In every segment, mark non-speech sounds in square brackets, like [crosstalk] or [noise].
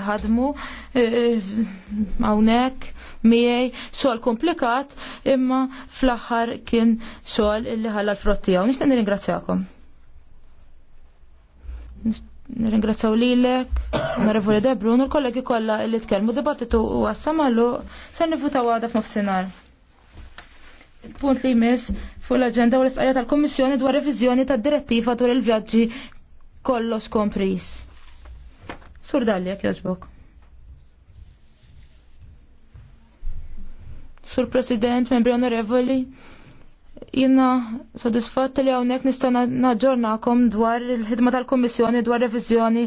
ħadmu eh, eh, hawnhekk miej sol komplikat imma fl-aħħar kien sol illi ħalla l-frott tiegħu. Nixtieq nirringrazzjakom. Nirringrazzjaw lilek, Onorevoli Debrun u l-kollegi kollha li kelmu dibattitu u għassamallu se nifutaw għadha f'nofsinhar. Punt li jmiss fuq l-aġenda u l-istqarrija tal-Kummissjoni dwar revizjoni tad-direttiva dwar il-vjaġġi kollox kompris. Sur dalli jek jazbok. Sur President, membri onorevoli, jina sodisfat li għawnek nista naġġornakom dwar il-ħidma tal-Komissjoni dwar revizjoni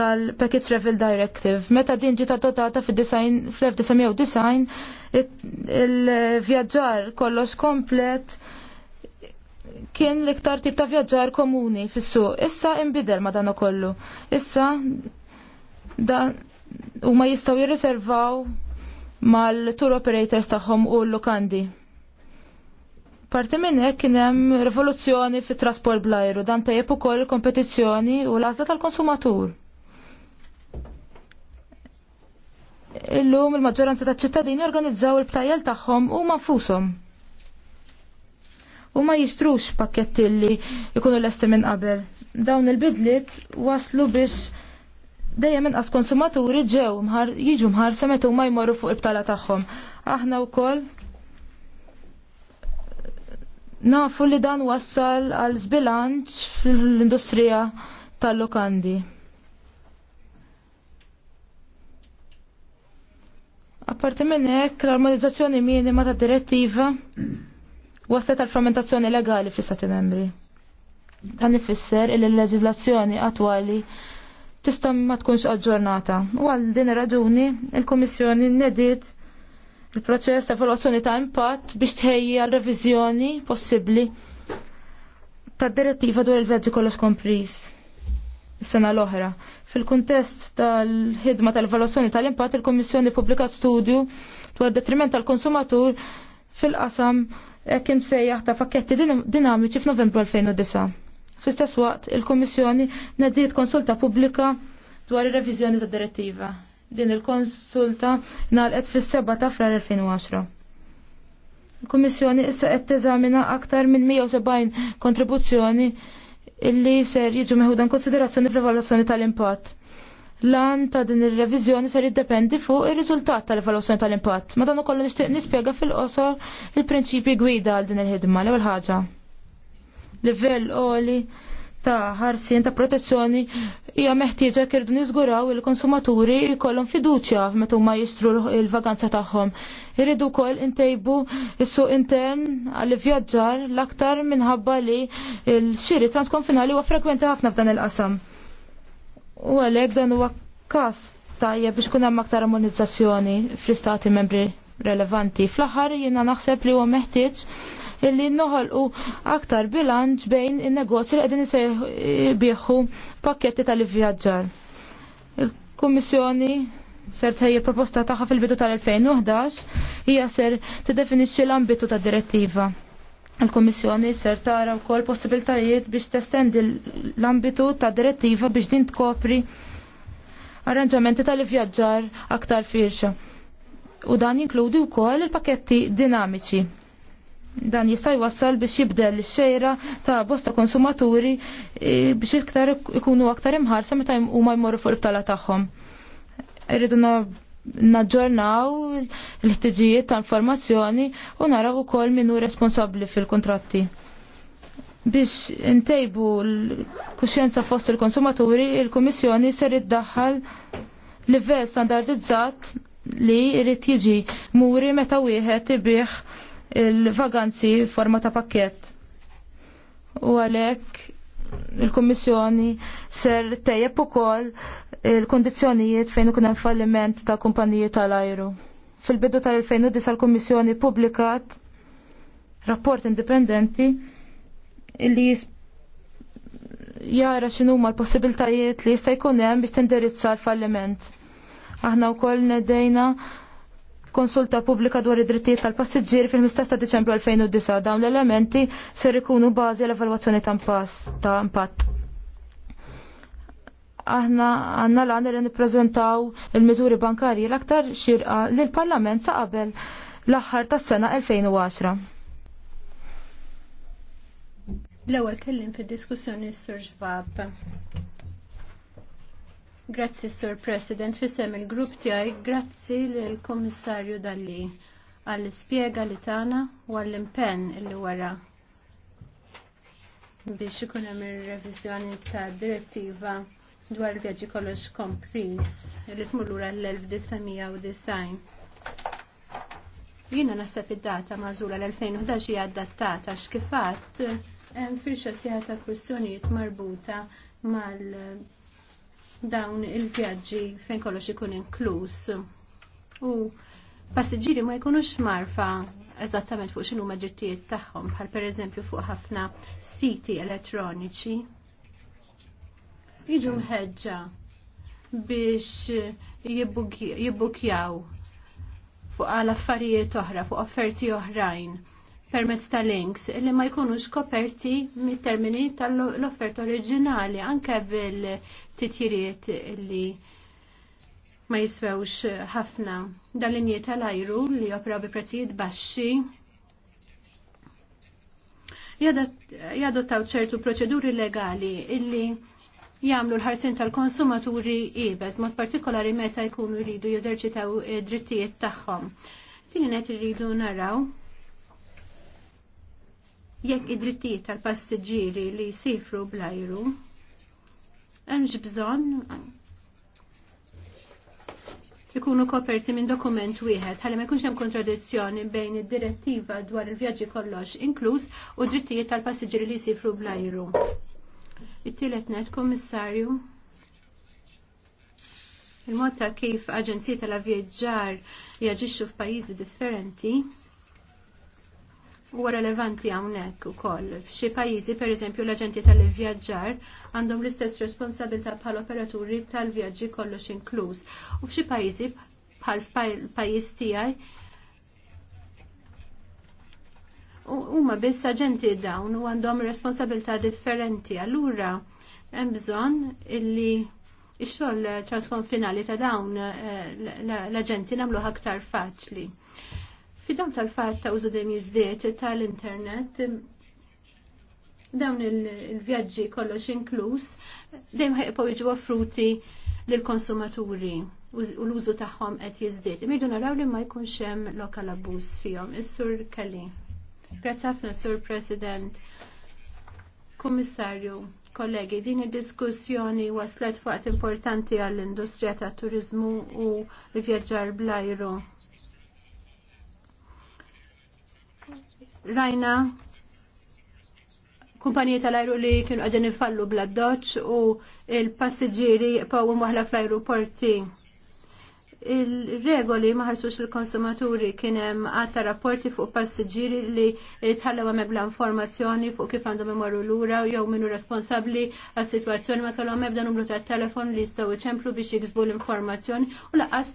tal-Package Travel Directive. Meta din fi design, fl-1990, il-vjaġġar kollox komplet kien l-iktar tip ta' vjaġġar komuni fis-suq. Issa imbidel ma dan ukollu. Issa dan huma jistgħu jirriservaw mal-tour operators tagħhom u l-lokandi. Parti minn hekk kien hemm rivoluzzjoni fit-trasport blajru dan tajjeb ukoll kompetizzjoni u l-għażla tal-konsumatur. Illum il-maġġoranza taċ ċittadini organizzaw il-btajjel tagħhom u manfushom. U ma jistrux pakketti li jkunu lesti minn qabel. Dawn il bidlit waslu biex dejjem inqas konsumaturi ġew mħar jiġu mħar semetu ma jmorru fuq il-btala tagħhom. Aħna wkoll nafu li dan wassal għal żbilanċ fl-industrija tal-lokandi. Apparti minn hekk l-armonizzazzjoni minima ta' direttiva waslet għal frammentazzjoni legali fl-Stati membri. Dan ifisser il-leġiżlazzjoni attwali tista' ma tkunx aġġornata. U għal din raġuni il-Kummissjoni nedit il-proċess ta' evoluzzjoni ta' impatt biex tħejji għal reviżjoni possibbli ta' direttiva dwar il-vjaġġi kollox kompris is-sena l-oħra. Fil-kuntest tal-ħidma tal evoluzzjoni tal-impatt il-Kummissjoni pubblikat studju dwar detriment tal-konsumatur fil-qasam kim sejjaħ ta' pakketti dinamiċi f'Novembru 2009. Fl-istess waqt, il-Kummissjoni nadiet konsulta pubblika dwar ir-reviżjoni tad direttiva. Din il-konsulta nalqet fis-7 ta' frar 2010. Il-Kummissjoni issa qed teżamina aktar minn 170 kontribuzzjoni illi ser jiġu meħudan konsiderazzjoni fl-evaluazzjoni tal-impatt lan ta' din ir-reviżjoni ser jiddependi fuq ir-riżultat tal-evaluazzjoni tal-impatt. Madonna kollu nixtieq nispjega fil-qosor il-prinċipji gwida għal din il-ħidma l-ewwel ħaġa livell oli ta' ħarsien ta' protezzjoni hija meħtieġa kirdu niżguraw il-konsumaturi jkollhom fiduċja meta huma jistru l-vaganza tagħhom. Irridu wkoll intejbu s-suq intern għal vjaġġar l-aktar minħabba li l-xiri transkonfinali huwa frekwenti ħafna f'dan il-qasam. U għalhekk dan huwa każ tajjeb biex kun hemm aktar ammonizzazzjoni fl-istati membri relevanti. Fl-aħħar jiena naħseb li huwa meħtieġ illi noħolqu aktar bilanċ bejn in-negozju li qegħdin bieħu pakketti tal-ivvjaġġar. Il-Kummissjoni ser tħejjel proposta tagħha fil-bidu tal-2011 hija ser tiddefinixxi l-ambitu tad-direttiva. Il-Kommissjoni ser tara wkoll possibiltajiet biex testendi l-ambitu ta' direttiva biex din tkopri arranġamenti tal-ivvjaġġar aktar firxa. U dan jinkludi wkoll il-paketti dinamiċi. Dan jista' jwassal biex jibdel xejra ta' bosta konsumaturi e, biex iktar ikunu aktar imħarsa meta huma jmorru fuq il-btala tagħhom. Irridu naġġornaw l-ħtiġijiet ta' informazzjoni u naraw ukoll minnu responsabbli fil-kontratti biex intejbu l-kuxjenza fost il-konsumaturi, il-Komissjoni ser iddaħħal livell standardizzat li jrid jiġi muri meta wieħed ibih il-vaganzi forma ta' pakket. U għalhekk il-Kummissjoni ser tejjeb ukoll il-kondizzjonijiet fejn ikun hemm falliment ta' kumpaniji tal-ajru. Fil-bidu tal-2009 l-Kummissjoni publikat rapport indipendenti li jara x'inhuma l-possibiltajiet li jista' jkun hemm biex tindirizza l-falliment. Aħna wkoll nedejna konsulta pubblika dwar id-drittijiet tal-passiġġieri fil-15 ta' Diċembru 2009 dawn l-elementi ser ikunu bażi għal evalwazzjoni ta' impatt. Aħna għandna l li nippreżentaw il-miżuri bankarji l-aktar xirqa li l parlament sa' qabel l-aħħar tas-sena 2010. L-ewwel kellim fid-diskussjoni s-Sur Ġvab. Grazzi, Sur President, fissem il-grupp tiegħi, grazzi lill-Kummissarju Dalli għall-ispjega li tagħna u għall-impenn li wara biex ikun hemm ir-reviżjoni tad-direttiva dwar il-vjaġġi kollox kompris li tmur lura l-1990. Jiena naħseb id-data mażula l-2011 hija adattata x'kif fatt hemm firxa sieħa ta' kwistjonijiet marbuta mal- dawn il-vjaġġi fejn kollox ikun inkluż. U passiġġieri ma jkunux marfa eżattament fuq x'inhu drittijiet tagħhom, bħal pereżempju fuq ħafna siti elettroniċi. Jiġu mħeġġa biex jibbukjaw fuq għal affarijiet oħra, fuq offerti oħrajn permezz ta' links li ma jkunux koperti mit-termini tal-offert oriġinali anke bil titjiriet li ma jiswewx ħafna. dal linjiet tal-ajru li jopra bi prezzijiet baxxi jadottaw ċertu proċeduri legali illi jagħmlu l-ħarsin tal-konsumaturi ibes, mod partikolari meta jkunu jridu jeżerċitaw drittijiet tagħhom. Tieni qed irridu naraw jekk id-drittijiet tal-passiġġieri li jisifru bl-ajru hemmx bżonn ikunu koperti minn dokument wieħed ħalli ma jkunx hemm kontradizzjoni bejn id-direttiva dwar il-vjaġġi kollox inkluż u drittijiet tal-passiġġieri li jsifru bl-ajru. It-tielet net, Kummissarju, il-mod ta' kif aġenziji tal-avjeġġar jaġixxu f'pajjiżi differenti huwa relevanti hawnhekk ukoll. F'xi pajjiżi pereżempju l-aġenti tal-ivvjaġġar għandhom l-istess responsabilità bħal operaturi tal-vjaġġi kollox inkluż. U f'xi pajjiżi bħal pajjiż tiegħi huma biss aġenti dawn u għandhom responsabilità differenti. Allura hemm bżonn illi ix-xogħol finali ta' dawn eh, l-aġenti nagħmluha aktar faċli fidan tal-fat ta' użu dem jizdiet tal-internet, dawn il-vjaġġi kollox inkluż, dejjem ħajqgħu jiġu offruti lill-konsumaturi u l-użu tagħhom qed jiżdied. Imidu naraw li ma jkunx hemm lokal abbuż fihom. Is-Sur Kelly. Grazzi ħafna Sur President. Kummissarju, kollegi, din id-diskussjoni waslet fuqat importanti għall-industrija tat turiżmu u l-vjaġġar bl-ajru. rajna kumpaniji tal-ajru li kienu għadin ifallu bla doċ u il-passiġiri pawu maħla fl-ajruporti. Il-regoli maħarsux il-konsumaturi kienem għatta rapporti fuq passiġiri li tħallew għamek bla informazzjoni fuq kif għandhom imorru l-ura jew minnu responsabli għas situazzjoni ma kellhom ebda numru tal-telefon li jistgħu iċemplu biex jiksbu l-informazzjoni u laqas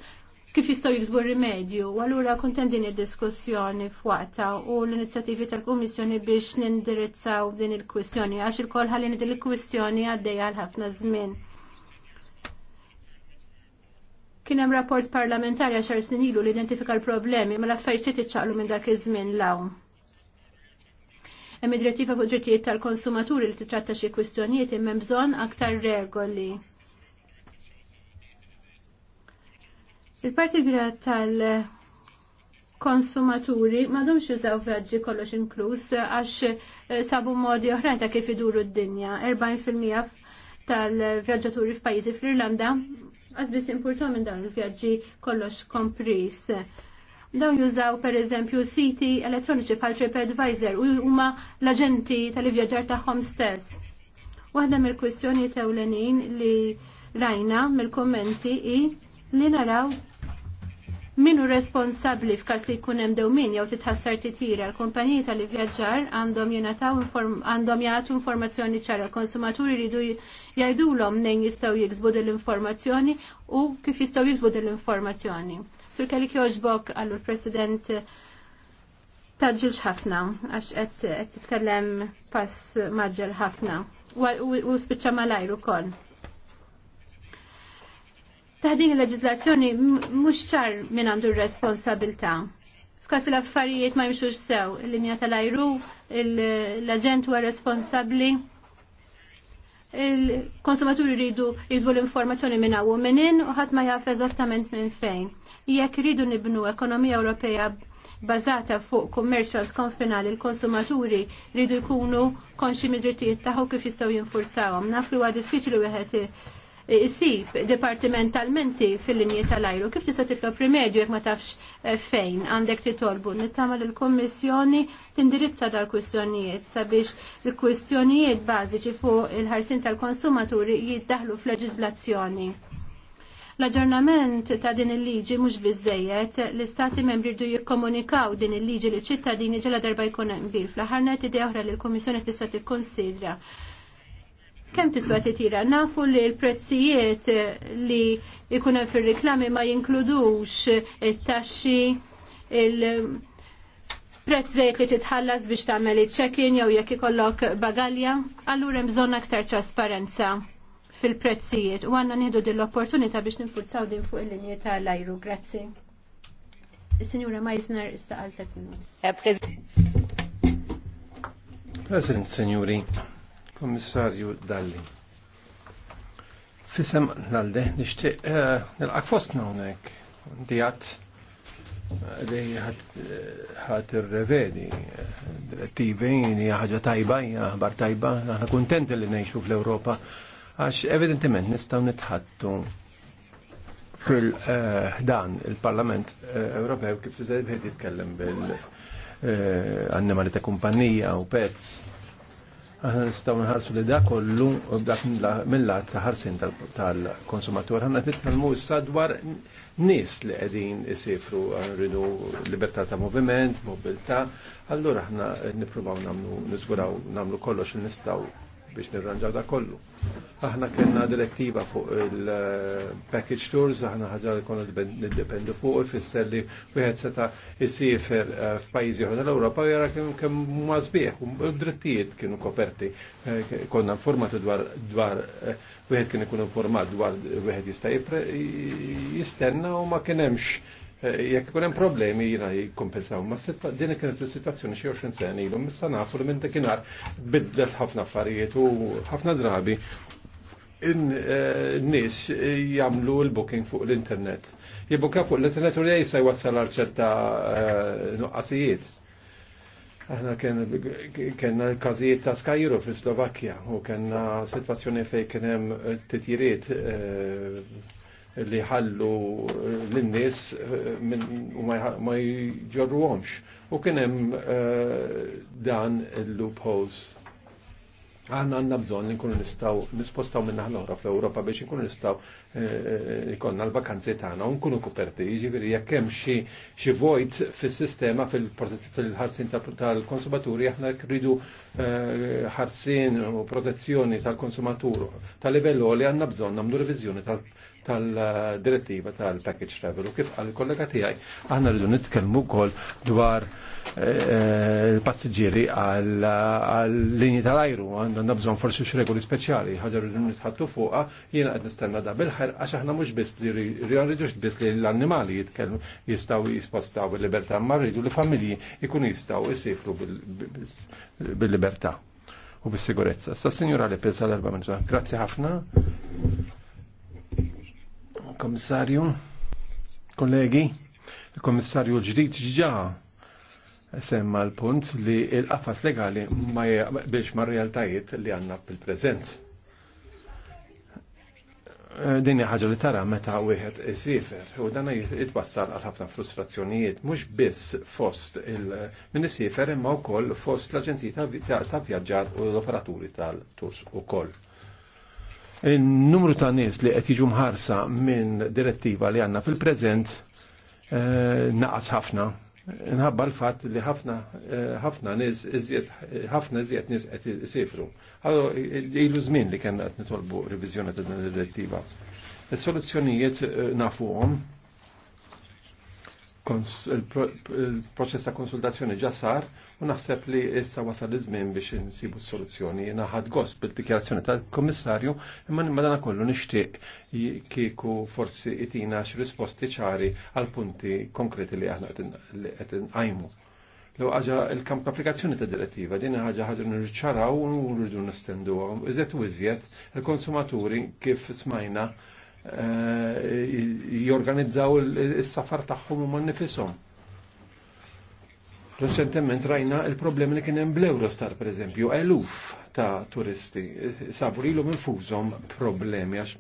kif jistgħu jiksbu rimedju. U allura kontem din id-diskussjoni f'wata u l-inizjattivi tal-Kummissjoni biex nindirizzaw din il-kwistjoni għax il-kol ħallin din il-kwistjoni għaddejja għal ħafna żmien. Kien hemm rapport parlamentari għaxar snin ilu li identifika l-problemi mela affarijiet iċċaqlu minn dak iż-żmien lawn hemm id-direttiva fuq drittijiet tal-konsumaturi li titratta xi kwistjonijiet imma bżonn aktar regoli. Il-partikula parti tal-konsumaturi madomx jużaw vjaġġi kollox inkluż għax eh, sabu modi oħrajn ta' kif iduru d-dinja. 40% tal-vjaġġaturi f'pajjiżi fl-Irlanda għazbis importu minn dawn il-vjaġġi kollox kompris. Dawn jużaw per eżempju siti elettroniċi bħal TripAdvisor u huma l-aġenti tal-ivvjaġġar tagħhom stess. Waħda mill-kwistjoni tewlenin li rajna mill-kommenti i li naraw Minu responsabli f'kas li jkun hemm min jew titħassar titir għal kumpaniji tal ivjaġġar għandhom jingħataw għandhom jagħtu informazzjoni ċara l-konsumaturi l jgħidulhom nejn jistgħu jiksbu l-informazzjoni u kif jistgħu jiksbu l-informazzjoni. Sur kelli jogħġbok għallu l-President taġġilx ħafna għax qed titkellem pass maġġel ħafna u spiċċa malajru kon taħdin din il-leġizlazzjoni mhux ċar minn għandu r F'kas F'każ l-affarijiet ma jimxux sew, il-linja tal-ajru, l-aġent huwa responsabbli. Il-konsumaturi rridu jizbu l-informazzjoni minn u minnin u ħadd ma jaf eżattament minn fejn. Jekk rridu nibnu ekonomija Ewropea bazata fuq commercials konfinali l-konsumaturi rridu jkunu konxi mid-drittijiet taħu kif jistgħu jinfurzawhom. Naf li huwa diffiċli wieħed isib departimentalmenti fil-linji tal-ajru. Kif tista' titlo primedju jekk ma tafx eh, fejn għandek titolbu? Nittama l-Kommissjoni tindirizza dal-kwistjonijiet sabiex l-kwistjonijiet bażiċi fuq il-ħarsin tal-konsumaturi jiddaħlu fl L-aġġornament ta' din il-liġi mhux biżejjed, l-istati membri rridu jikkomunikaw din il-liġi li ċittadini ġela darba jkun bil. Fl-aħħar ngħid idea oħra li l-Kummissjoni tista' tikkonsidra Kem tiswa titira? Nafu li l-prezzijiet li ikuna fil-reklami ma jinkludux il-taxxi, il-prezzijiet li titħallas biex tagħmel il ċekin jew jekk ikollok bagalja, allura hemm bżonn aktar trasparenza fil-prezzijiet u għanna nieħdu din l-opportunità biex ninfurzaw din fuq il-linji tal-ajru. Grazzi. Signora Meisner, issa għal minuti. President, signori, Kommissarju Dalli. Fisem l-għalde, nishtiq eh, nil-għak fostna unek, dijat li eh, eh, ħat ir-revedi direttivi, hija ħaġa tajba, hija ħabar tajba, aħna kuntenti li ngħixu fl europa għax evidentiment nistgħu nitħattu fil-dan il-Parlament Ewropew kif tiżed jitkellem bil-annimali ta' kumpanija u pets Aħna nistgħu nħarsu li dak kollu b'dak mill-lat ta' ħarsin tal-konsumatur. Aħna nitkellmu issa dwar nies li qegħdin isifru rridu libertà ta' moviment, mobilità. Allura aħna nippruvaw nagħmlu niżguraw nagħmlu kollox li nistgħu biex nirranġaw da kollu. Aħna kena direttiva fuq il-package tours, aħna ħagġa li konna nid-dependu fuq, ifisser li u jħed seta' jisifer eh, f'pajjiżi oħra l u jara kem huma u drittijiet kienu koperti. Eh, konna informati dwar dwar, eh, wieħed kien ikun informat dwar u jħed jista' jistenna u ma kienemx Eh, jekk ikun hemm problemi jiena jikkompensaw. Ma din kienet is-sitwazzjoni xi 20 sen ilu, missa nafu li minn dakinhar bidlet ħafna affarijiet u ħafna drabi eh, n-nies eh, jagħmlu l-booking fuq l-internet. Jibbuka fuq l-internet u jgħisa jwassal għal ċerta nuqqasijiet. Aħna kena l-kazijiet ta' Skajru fil-Slovakkja u kena situazzjoni fej kienem titjiriet li ħallu l-nies eh, ma jġorruhomx. U kien hemm eh, dan il-loopholes. Għanna għanna bżon li nkunu nistaw nispostaw minna ħal-oħra fl-Ewropa biex nkunu nistaw ikonna l-vakanzi tagħna nkunu kuperti, jiġifieri jekk hemm xi vojt fis-sistema fil-ħarsin tal-konsumaturi aħna rridu eh, ħarsin u protezzjoni tal-konsumatur tal-livell li għandna bżonn nagħmlu reviżjoni tal-direttiva tal-package travel u kif għal kollega tiegħi aħna rridu nitkellmu wkoll dwar eh, il-passiġġieri għal-linji tal-ajru għandna bżonn forsi xi regoli speċjali ħaġa rridu nitħattu fuqha jiena qed nistenna da fl axar għax aħna mhux biss li rridux biss li l-annimali jitkellmu jistgħu jispostaw il-libertà, ma rridu li familji jkunu jistgħu jsifru bil-libertà u bis-sigurezza. Sa sinjura li pensa l-erba' minuta. Grazzi ħafna. Komissarju, kollegi, il-Komissarju l-ġdid ġa semma l-punt li l qafas legali ma biex ma' realtajiet li għanna bil-prezenz Eh, din ħaġa li tara meta wieħed isifer u dan jitwassal għal ħafna frustrazzjonijiet mhux biss fost il-min isifer imma wkoll fost l aġenzija ta' vjaġġar u l-operaturi tal-turs ukoll. Il-numru ta' nies li qed jiġu mħarsa minn direttiva li għandna fil-preżent eh, naqas ħafna Nħabba l-fat li ħafna eh, ħafna nies iżjed ħafna iżjed nies qed isifru. Allora ilu żmien li kellna qed nitolbu reviżjoni ta' din id-direttiva. Is-soluzzjonijiet eh, nafuhom il-proċess ta' konsultazzjoni ġa sar u naħseb li issa wasal iż-żmien biex insibu s-soluzzjoni. Naħad gost bil-dikjarazzjoni tal kummissarju imma madana kollu nixtieq kieku forsi itina risposti ċari għal punti konkreti li aħna qed nqajmu. Lew ħaġa il-kamp applikazzjoni ta' direttiva din ħaġa ħaġa nirċaraw u nirridu nistenduha. Iżjed u iżjed il-konsumaturi kif smajna Eh, jorganizzaw il-safar tagħhom u man nifisom. Recentement rajna il-problemi li kien hemm bl-Eurostar pereżempju, eluf ta' turisti sabu ilu minfużhom problemi għax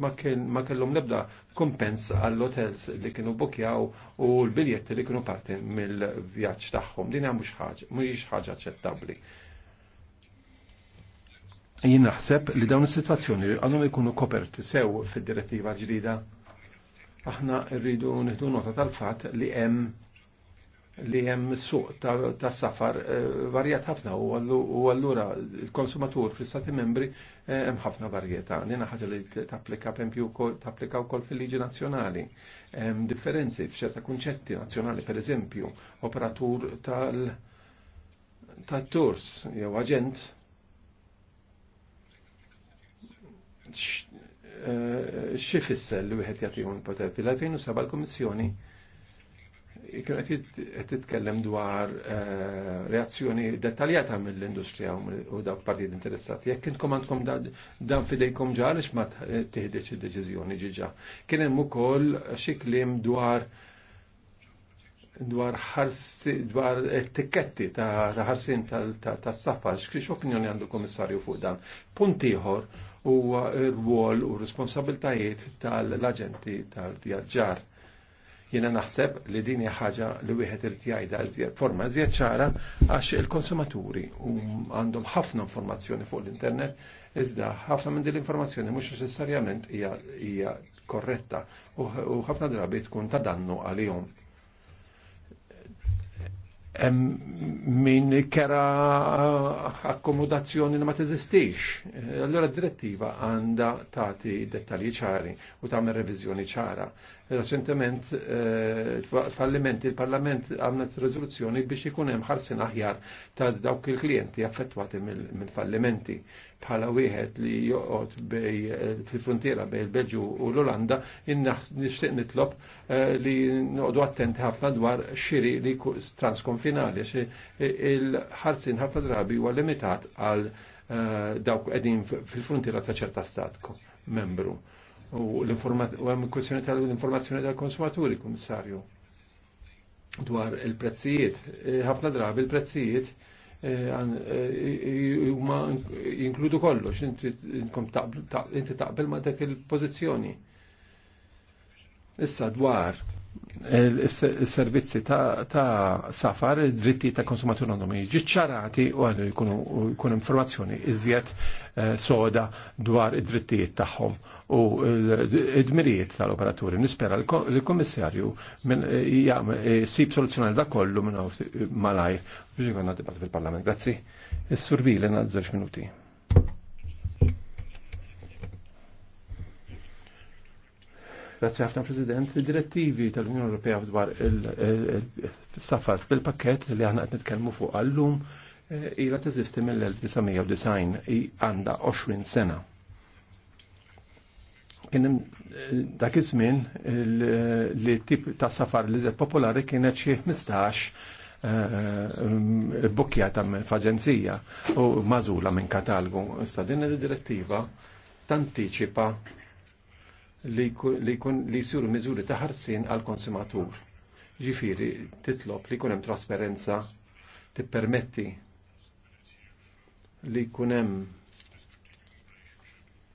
ma kellhom nebda kompens għall-hotels li kienu bokjaw u l-biljetti li kienu parti mill-vjaġġ tagħhom. Din hemm mhux ħaġa, mhux ħaġa aċċettabbli jien naħseb li dawn is-sitwazzjoni għandhom ikunu koperti sew fid-direttiva ġdida. Aħna rridu nieħdu nota tal-fatt li hemm li hemm suq ta' safar eh, varjat ħafna u allura il-konsumatur fl-istati membri eh, hemm ħafna varjetà. Nina ħaġa li tapplika pempju tapplika wkoll fil-liġi nazzjonali. Hemm differenzi f'ċerta kunċetti nazzjonali, pereżempju, operatur tal tat-turs jew aġent xifissel li wieħed jagħtihom il-poter. Fil-2007 l-Kummissjoni Kien qed titkellem dwar eh, reazzjoni dettaljata mill-industrija u dawk partijiet interessati. Jekk intom għandkom dan fidejkom ġar għaliex ma eh, tieħdex id-deċiżjoni ġiġa. Kien hemm ukoll xi kliem dwar dwar ħarsi dwar etiketti ta' ħarsin tas-safax, kiex opinjoni għandu komissarju fuq dan. Punt ieħor huwa r wol u responsabiltajiet tal-aġenti tal-vjaġġar. Jiena naħseb li din hija ħaġa li wieħed irid jgħidha forma iżjed ċara għax il-konsumaturi għandhom ħafna informazzjoni fuq l-internet iżda ħafna minn din l-informazzjoni mhux neċessarjament hija korretta u ħafna drabi tkun ta' dannu għalihom min kera eh, akkomodazzjoni li ma teżistix. Eh, allora d direttiva għanda tati dettalji ċari u tagħmel reviżjoni ċara recentement eh, fallimenti il-Parlament għamnet rezoluzzjoni biex ikun hemm ħarsin aħjar ta' dawk il-klijenti affettwati mill-fallimenti bħala wieħed li joqgħod bej eh, fil-frontiera bej il-Belġu u l-Olanda nixtieq nitlob eh, li noqdu attenti ħafna dwar xiri li transkonfinali il-ħarsin ħafna drabi huwa limitat għal dawk qegħdin fil-frontiera ta' ċerta stat membru u l-informazzjoni kwestjoni tal-informazzjoni tal-konsumaturi, kummissarju, dwar il-prezzijiet. Eh, ħafna drabi il-prezzijiet eh, eh, huma jinkludu kollox, inti taqbel ma' dak il-pożizzjoni. Issa dwar il-servizzi ta' safar, dritti ta' konsumatur għandhom jiġi ċarati u għandu jkunu informazzjoni iżjed soda dwar id-drittijiet tagħhom u id-dmirijiet tal-operaturi. Nispera l-Komissarju eh, eh, sib soluzjonali da kollu minn eh, malajr biex ikonna dibat fil-Parlament. Grazzi. Is-surbile għad zoċ minuti. Grazzi ħafna President. Direttivi tal-Unjoni Ewropea dwar il saffar bil-pakket li aħna qed nitkellmu fuq għallum ila teżisti mill-1990 għandha 20 sena kien eh, dak iż-żmien li tip ta' safar li popolari kienet xi 15 eh, eh, ta' f'aġenzija u mażula minn katalgu. Issa din id-direttiva tantiċipa li jkun li jsiru miżuri ta' ħarsien għall konsumatur. Ġifieri titlob li jkun hemm trasparenza tippermetti li jkun hemm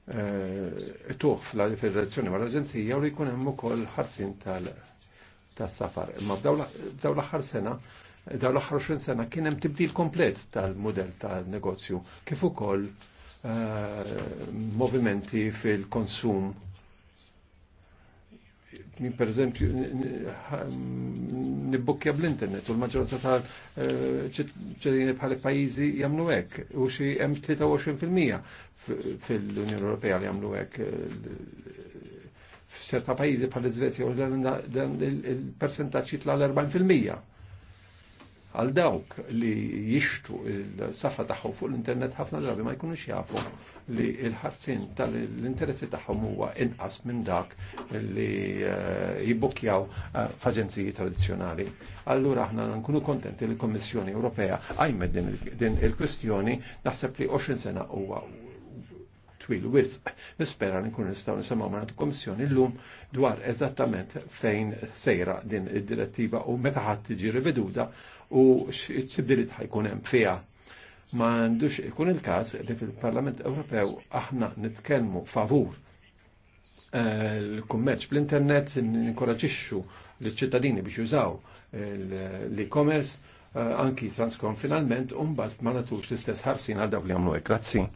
Eh, tuħ fil federazzjoni mal l-Aġenzija u li jkun hemm ukoll ħarsin tas-safar. Imma b'daw l-aħħar sena, daw l-aħħar 20 sena kien hemm tibdil komplet tal-mudell tal-negozju kif ukoll eh, movimenti fil-konsum min per eżempju nibbukja bl-internet u l-maġġoranza tal eh, ċittadini bħal pajjiżi jagħmlu hekk u xi hemm 23% fil-Unjoni Ewropea li jagħmlu hekk eh, f'ċerta pajjiżi bħal iżvezja u l-Irlanda il-persentaġġ jitla l-40% għal dawk li jixtu il-safra tagħhom fuq l-internet ħafna drabi ma jkunux jafu li l-ħarsin tal-interessi tagħhom huwa inqas minn dak li eh, jibbukjaw eh, f'aġenziji tradizzjonali. Allura aħna nkunu kontenti li l-Kommissjoni Ewropea għajmed din il-kwistjoni naħseb li 20 sena huwa twil wisq. Nispera li nkun nistgħu nisimgħu minn il-Kummissjoni llum dwar eżattament fejn sejra din id-direttiva u meta ħadd tiġi riveduta u x'ibdilit ħajkun hemm fiha. Ma għandux ikun il-każ li fil-Parlament Ewropew aħna nitkellmu favur l-kummerċ bl-internet ninkoraġixxu l-ċittadini biex jużaw l-e-commerce eh, anki finalment u mbagħad ma nagħtux l-istess ħarsin għal dawk li għamlu hekk. Grazzi.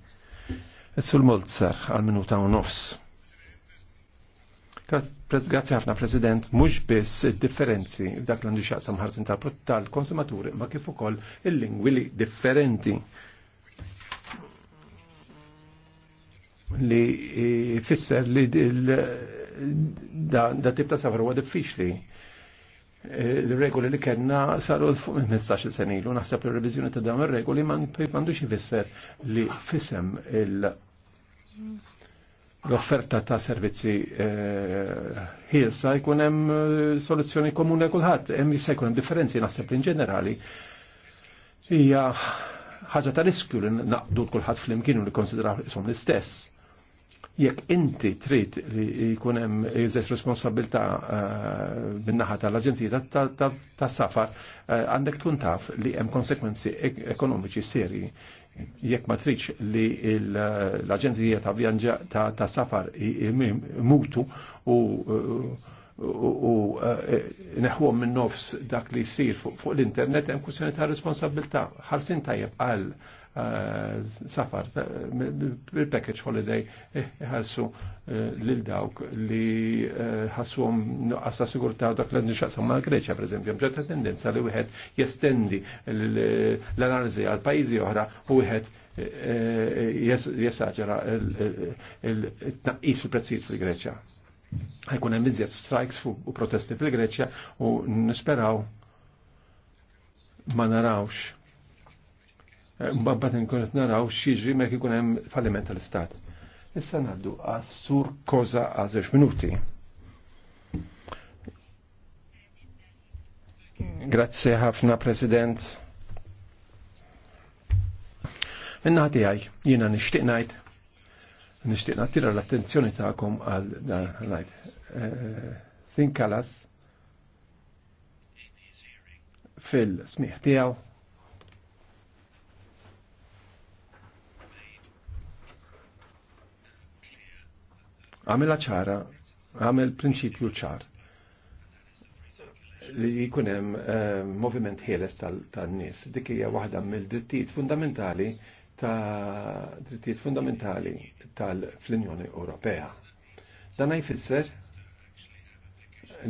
Sul sar, għal minuta u nofs. Grazie ħafna President, mhux biss differenzi dak l-għandu xaqsam ħarsin tal-konsumaturi ma kif ukoll il-lingwi li differenti li eh, fisser li da, da tip ta' safar huwa diffiċli Eh, l-regoli li kena saru fuq 15 ilu, naħseb il revizjoni ta' dawn il-regoli ma mandux jifisser li fisem l-offerta ta' servizzi hilsa eh, jkun hemm eh, soluzzjoni komune kulħadd, hemm jista' jkun hemm differenzi naħseb li ġenerali hija ħaġa ta' riskju li naqdu kulħadd flimkien u nikkonsidraw ishom l-istess jekk inti trid li jkun hemm jeżess responsabilità eh, min-naħa tal-Aġenzija tas-Safar, eh, għandek tkun taf li hemm konsekwenzi ekonomiċi serji jekk ma tridx li l-Aġenzija ta' Vjanġa ta' Safar mutu u u eh, neħwom minn nofs dak li jsir fuq l-internet hemm kwistjoni ta' responsabilità. Ħarsin tajjeb għal safar bil-package holiday ħassu eh, l dawk li eh, ħassuhom nuqqas ta' sigurtà dak li nixaqsam mal Greċja pereżempju, mġed tendenza li wieħed jestendi l analizi għal pajjiżi oħra u wieħed eh, jessagġera il-tnaqqis fil-prezzijiet fil greċa Ħajkun hemm iżjed strikes u protesti fil-Greċja u nisperaw ma narawx mbabbat nkun qed naraw x'jiġri mekk ikun hemm falliment tal-istat. Issa ngħaddu għassur koza għal minuti. Grazzi ħafna President. Minna ħati għaj, jina nishtiq najt, nishtiq l-attenzjoni ta'kom għal najt. Eh, Sinkalas fil-smiħ tijaw għamela ċara, għamel prinċipju ċar li jikunem uh, eh, moviment ħieles tal-nis. Dik hija waħda mill-drittijiet fundamentali ta' drittijiet fundamentali tal-fl-Unjoni Ewropea. Dan jfisser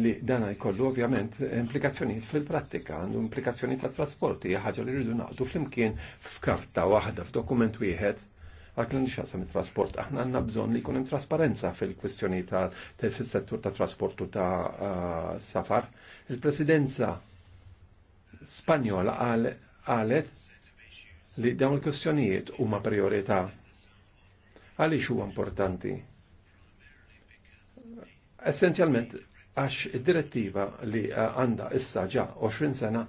li dan jkollu ovvjament implikazzjonijiet fil-prattika, għandu implikazzjonijiet tal trasporti ħaġa li rridu naqdu flimkien f'karta waħda f'dokument wieħed għal kien xaqsam trasport Aħna għandna bżonn li jkun hemm trasparenza fil-kwistjoni ta' fil settur ta' trasportu ta' eh, safar. Il-Presidenza Spanjola qalet li dawn il-kwistjonijiet huma priorità. Għaliex huwa importanti? Essenzjalment għax id-direttiva li eh, għanda issa ġa 20 sena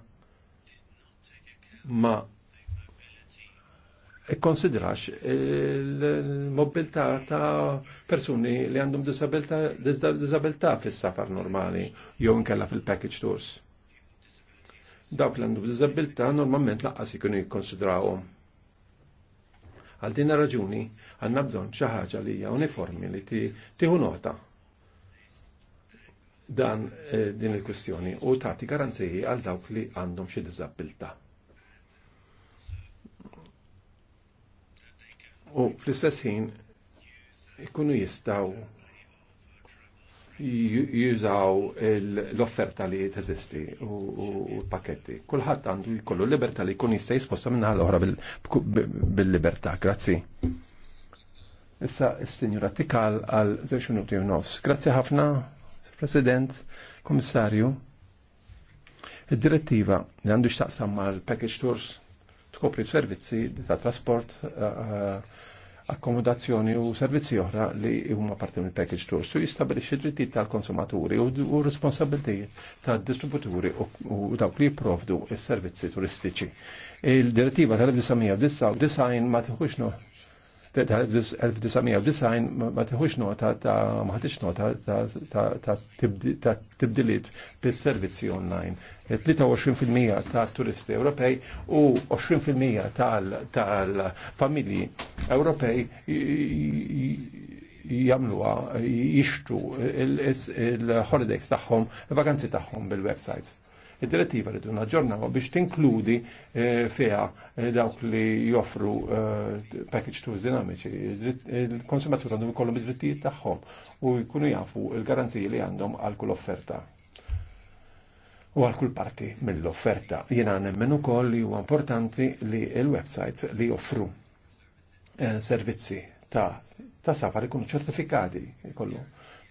ma konsidrax il-mobilità ta' persuni li għandhom disabilità fis-safar normali jew nkella fil-package tours. Dawk li għandhom disabilità normalment laqqas ikunu jikkonsidrawhom. Għal din raġuni għandna bżonn xi ħaġa li hija uniformi li tieħu nota dan eh, din il-kwestjoni u tagħti garanziji għal dawk li għandhom xi disabilità. u fl-istess ħin ikunu jistaw jużaw l-offerta li teżisti u l-paketti. Kulħadd għandu jkollu libertà li jkun jista' jisposta minna l-oħra bil-libertà. Grazzi. Issa s-Sinjura Tikal għal żewġ minuti u nofs. Grazzi ħafna, President, Komissarju. Id-direttiva li għandu xtaqsam mal-package tours tkopri servizzi ta' trasport, eh, eh, akkomodazzjoni u servizzi oħra li huma parti mill package tour. Su jistabilixxi drittijiet tal-konsumaturi u responsabiltijiet tad-distributuri u dawk li jipprovdu s-servizzi turistiċi. Il-direttiva tal-1999 ma tħuxnu 1990 ma teħux nota ta' ma ħadix nota ta' tibdilit bis-servizzi online. 23% ta' turisti Ewropej u 20% tal-familji Ewropej jamluwa jishtu il-holidays tagħhom, il vaganzi tagħhom bil-websites. Id-direttiva li dun aġġornaw biex tinkludi eh, feha eh, dawk li joffru eh, package tools dinamiċi. Il-konsumatur għandhom ikollhom id-drittijiet tagħhom u jkunu jafu il-garanziji li għandhom għal kull offerta u għal kull parti mill-offerta. Jena nemmen ukoll li huwa importanti li l-websites li joffru servizzi ta' ta' safar ikunu ċertifikati ikollu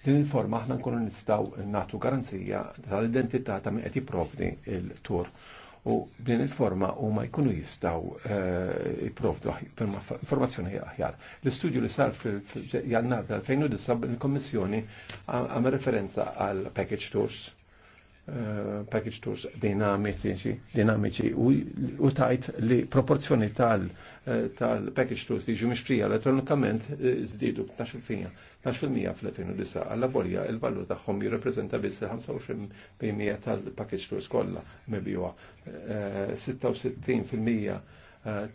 Din il-forma aħna nkunu nistgħu nagħtu garanzija tal-identità ta' min qed jipprovdi il-tur. U b'din il-forma ma jkunu jistaw eh, jipprovdu informazzjoni aħjar. L-istudju li sar fil-jannar tal-2009 il-Kommissjoni għam referenza għal package tours eh, package tours dinamici, dinamiċi u tajt li proporzjoni tal tal-package tools li ġu mixtrija elettronikament eh, zdidu 12% fl-2009 għalla volja il valu tagħhom jirrepreżenta biss 25% tal-package tools kollha eh, mibjuha 66% eh,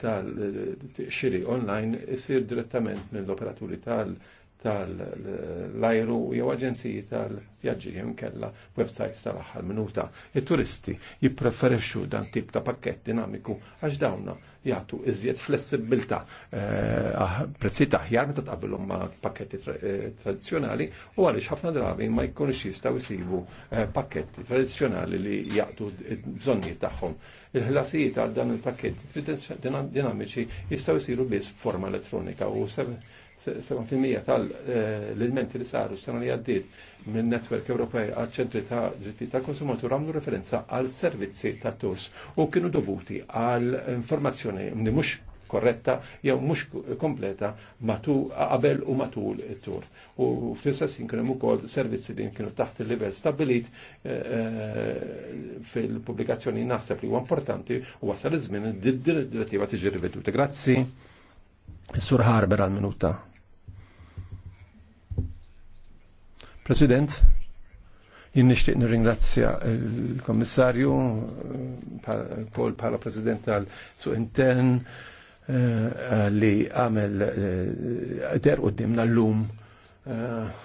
tal-xiri online jisir direttament mill-operaturi tal- tal-ajru jew aġenziji tal-vjaġġi jew inkella websites tal-aħħar minuta. Il-turisti jippreferixxu dan tip ta' pakkett dinamiku għax dawna jagħtu iżjed flessibilità eh, ah, prezzi taħjar meta tqabbilhom ma' pakketti eh, tradizzjonali u għaliex ħafna drabi ma jkunux jistgħu jsibu eh, pakketti tradizzjonali li jaqtu bżonnijiet tagħhom. Il-ħlasijiet għal dan il-pakketti dinamiċi jistgħu jsiru biss forma elettronika u 7% tal-elementi li saru s-sena li għaddit minn netwerk Ewropej għal ċentri ta' ġitti tal konsumatur għamlu referenza għal servizzi ta' TUS u kienu dovuti għal informazzjoni mni mux korretta jew mhux kompleta matu qabel u matul it-tur. U fl-istess kienu hemm ukoll servizzi li kienu taħt il-livell stabilit eh, eh, fil-pubblikazzjoni naħseb li huwa importanti u wasal iż-żmien id-direttiva tiġi riveduta. Grazzi. Sur Harber għal minuta. President, jinn nishtiq nirringrazzja il-Kommissarju Paul pala President tal su intern eh, li għamel eh, der u dimna l-lum eh,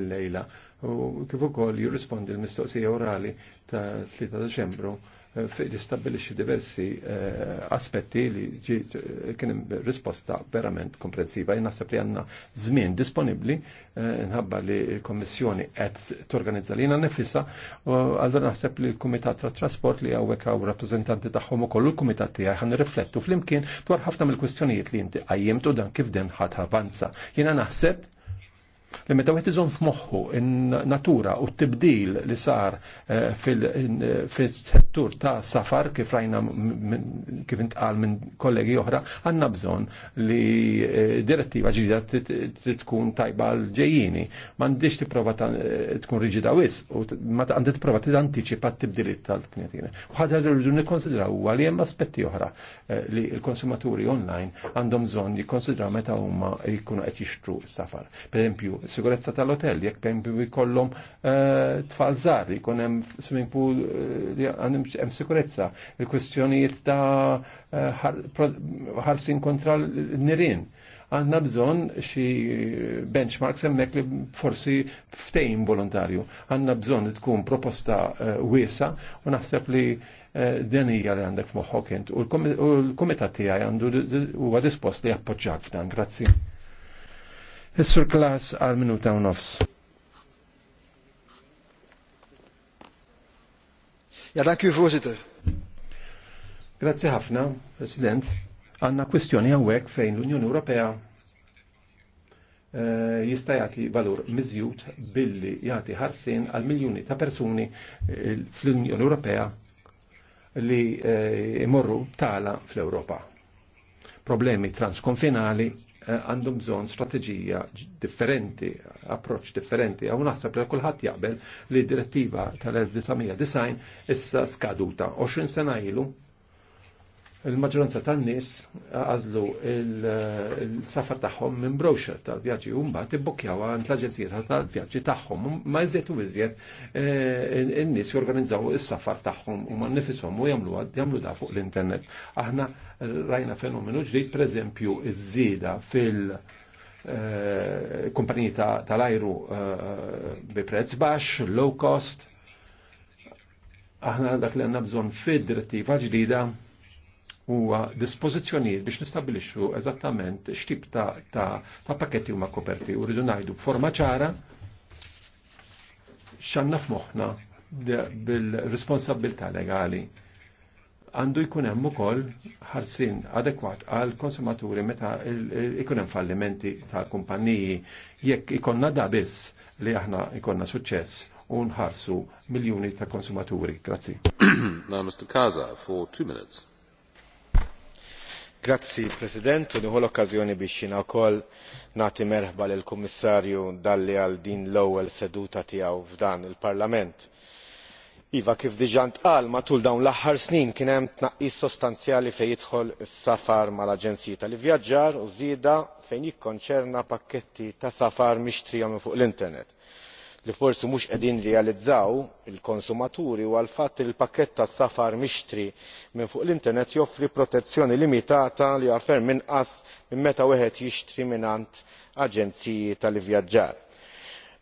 l-lejla u kif ukoll jirrispondi l-mistoqsija orali ta' 3 Deċembru Eh, li stabbilixi diversi eh, aspetti li ġiet eh, kien risposta verament komprensiva. Jien naħseb li għandna żmien disponibbli nħabba li l-Kommissjoni qed torganizza li jiena nifisa, allura naħseb li l-Kumitat tat Trasport li hawnhekk hawn rappreżentanti tagħhom ukoll l-Kumitat tiegħi ħan riflettu flimkien dwar ħafna mill-kwistjonijiet li inti qajjimtu dan kif den ħadd avanza. Jiena naħseb li meta wieħed iżomm f'moħħu in-natura u t-tibdil li sar eh, eh, fis settur ta' safar kif rajna kif intqal minn kollegi oħra, għandna bżonn li eh, direttiva ġdida tkun tajba l-ġejjini. M'għandix tipprova tkun riġida wis u ma għandi tipprova tidantiċipa t-tibdiliet tal knetina U ħaġa li rridu nikkonsidraw huwa li hemm aspetti oħra li l-konsumaturi online għandhom bżonn jikkonsidraw meta huma jkunu qed jixtru s-safar. Pereempju, sigurezza tal-hotel, jekk bejn ikollhom eh, tfal żgħar, jkun hemm swimming pool eh, li hemm sikurezza. Il-kwistjonijiet ta' eh, ħarsin kontra l-nirien. Għandna bżonn xi benchmarks hemmhekk li forsi ftejn volontarju. Għandna bżonn tkun proposta wiesa u naħseb li din hija li għandek f'moħħok int u l-kumitat tiegħi għandu huwa dispost li jappoġġjak f'dan. Grazzi. Is-sur klas għal minuta u nofs. Ja, dank u voorzitter. Grazie ħafna, President. Għanna kwestjoni għawek fejn l-Unjoni Ewropea eh, jista' jagħti valur mizjut billi jagħti ħarsien għal miljuni ta' persuni eh, fl-Unjoni Ewropea li eh, imorru tala fl-Ewropa. Problemi transkonfinali Eh, għandhom bżonn strateġija differenti, approċċ differenti. Għaw naħseb li kulħadd jaqbel li direttiva tal-1990 issa skaduta 20 sena ilu il-maġġoranza tan-nies għażlu il-safar tagħhom minn brochure tal-vjaġġi u mbagħad ibbukkjaw għand l-aġenzija tal-vjaġġi tagħhom. Ma iżjed u iżjed eh, in-nies jorganizzaw is-safar tagħhom u ma nifisom u jagħmlu jagħmlu da fuq l-internet. Aħna rajna fenomenu ġdid pereżempju iż-żieda fil- eh, kumpaniji tal-ajru eh, bi prezz baxx, low cost. Aħna dak li għandna bżonn fid-direttiva ġdida huwa dispożizzjonijiet biex nistabilixxu eżattament x'tip ta', ta, ta pakketti huma koperti u rridu ngħidu b'forma ċara x'għandna f'moħħna bil-responsabilità legali. Għandu jkun hemm ukoll ħarsin adekwat għal konsumaturi meta ikun hemm fallimenti tal kumpanniji jekk ikonna da biss li aħna ikonna suċċess u nħarsu miljuni ta' konsumaturi. Grazzi. [clears throat] Now Mr. Kaza for two minutes. Grazzi President, u nieħu l-okkażjoni biex jiena wkoll nagħti merħba lill kummissarju Dalli għal din l-ewwel seduta tiegħu f'dan il-Parlament. Iva, kif diġà ntqal matul dawn l-aħħar snin kien hemm tnaqqis sostanzjali fejn jidħol is-safar mal-Aġenziji tal-Ivvjaġġar u żieda fejn jikkonċerna pakketti ta' safar mixtrihom fuq l-Internet li forsi mhux qegħdin jirrealizzaw il konsumaturi huwa l fatt li l pakkett tas safar mixtri minn fuq l-internet joffri protezzjoni limitata li huwa inqas minn meta wieħed jixtri mingħand aġenziji tal ivvjaġġar.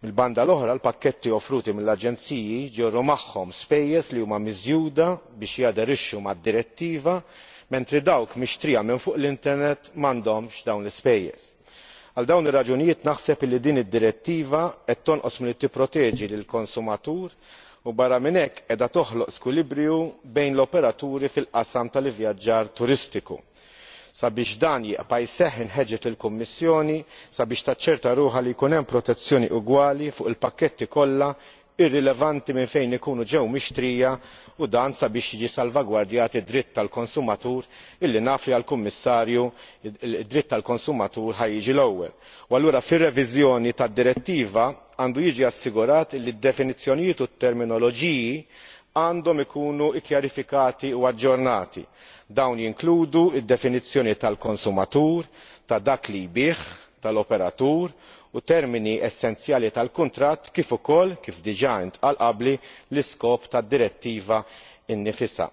mill banda l oħra l pakketti offruti mill aġenziji ġorru magħhom spejjeż li huma miżjuda biex jaderixxu mad direttiva mentri dawk mixtrija minn fuq l internet m'għandhomx dawn l ispejjeż għal dawn ir-raġunijiet naħseb li din id-direttiva qed tonqos milli tipproteġi lill konsumatur u barra minn hekk qiegħda toħloq skwilibrju bejn l-operaturi fil qasam tal ivvjaġġar turistiku. sabiex dan jibqa' jseħħ inħeġġeġ lill kummissjoni sabiex taċċerta ruħha li jkun hemm protezzjoni ugwali fuq il pakketti kollha irrilevanti minn fejn ikunu ġew mixtrija u dan sabiex jiġi salvagwardjat id dritt tal konsumatur illi naf li għall kummissarju id dritt tal konsumatur ħajjiġi l ewwel. u allura fir reviżjoni tad direttiva għandu jiġi assigurat li d definizzjonijiet u t terminoloġiji għandhom ikunu kkjarifikati u aġġornati dawn jinkludu d definizzjoni tal konsumatur ta' dak li jbigħ tal operatur u termini essenzjali tal kuntratt kif ukoll kif diġà intqal qabli l-iskop tad direttiva innifisha.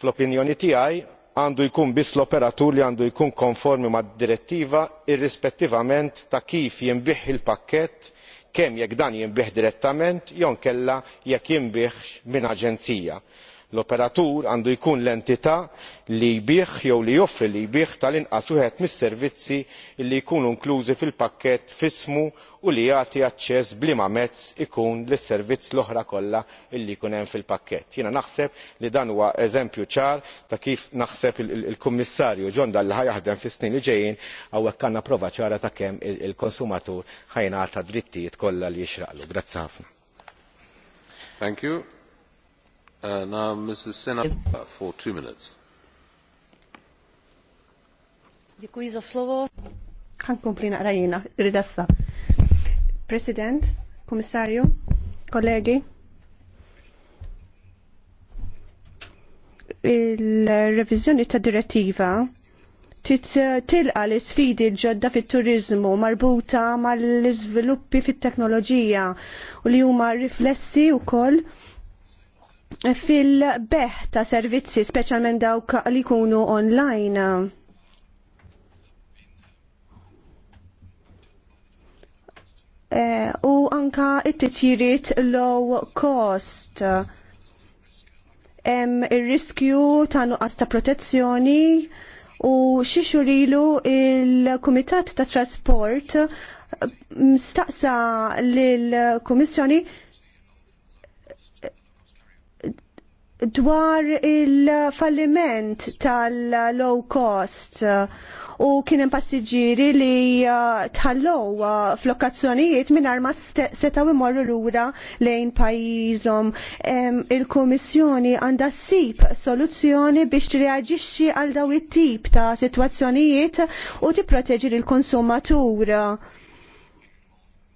fl-opinjoni tiegħi għandu jkun biss l-operatur li għandu jkun konformi mad direttiva irrispettivament ta' kif jinbih il pakkett kemm jekk dan jinbih direttament jew inkella jekk jinbih minn aġenzija l-operatur għandu jkun l-entità li jbigħ jew li joffri li jbigħ tal inqas wieħed mis-servizzi li jkunu inklużi fil-pakkett f'ismu u li jagħti aċċess bliema mezz ikun lis servizz l-oħra kollha li jkun hemm fil-pakkett. jiena naħseb li dan huwa eżempju ċar ta' kif naħseb il kummissarju ġodda li ħajaħdem fis-snin li ġejjin hawnhekk għandna prova ċara ta' kemm il konsumatur ħajingħata d drittijiet kollha li jixraqlu. Uh, now, Mrs. Sena, for two minutes. Děkuji za slovo. President, Komissarju, kollegi, il-revizjoni ta' direttiva tilqa l isfidi ġodda fit turiżmu marbuta mal-iżviluppi fit-teknoloġija u li huma riflessi wkoll fil-beħ ta' servizzi, specialment dawk li jkunu online. E, u anka it-titjiriet low cost. Em ir-riskju ta' nuqqas ta' protezzjoni u xiexurilu il-Kumitat ta' Trasport staqsa lill-Kummissjoni dwar il-falliment tal-low cost u kien hemm passiġġieri li uh, tħallow uh, flokkazzjonijiet mingħajr ma setaw imorru lura lejn pajjiżhom. Il-Kummissjoni għandha ssib soluzzjoni biex tirreaġixxi għal daw it-tip ta' sitwazzjonijiet u tipproteġi lill-konsumatur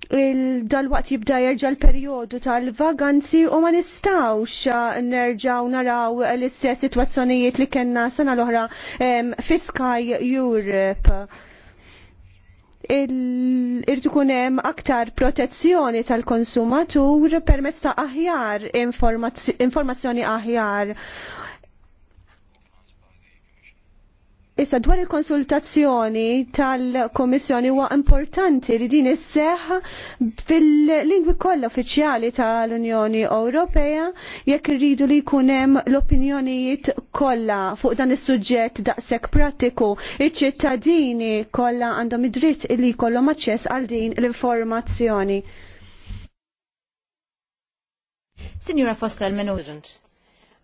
dal-waqt jibda jerġa' l-perjodu tal-vaganzi u ma nistawx nerġaw naraw l-istess situazzjonijiet li kena sena l-oħra fiskaj Europe. Irtu kunem aktar protezzjoni tal-konsumatur permezz ta' aħjar informazzjoni aħjar Issa dwar il-konsultazzjoni tal-Komissjoni huwa importanti li din isseħ fil-lingwi kollha uffiċjali tal-Unjoni Ewropea jekk irridu li jkun hemm l-opinjonijiet kollha fuq dan is-suġġett daqshekk prattiku. Iċ-ċittadini kollha għandhom id-dritt li jkollhom aċċess għal din l-informazzjoni. Signora Foster, minu.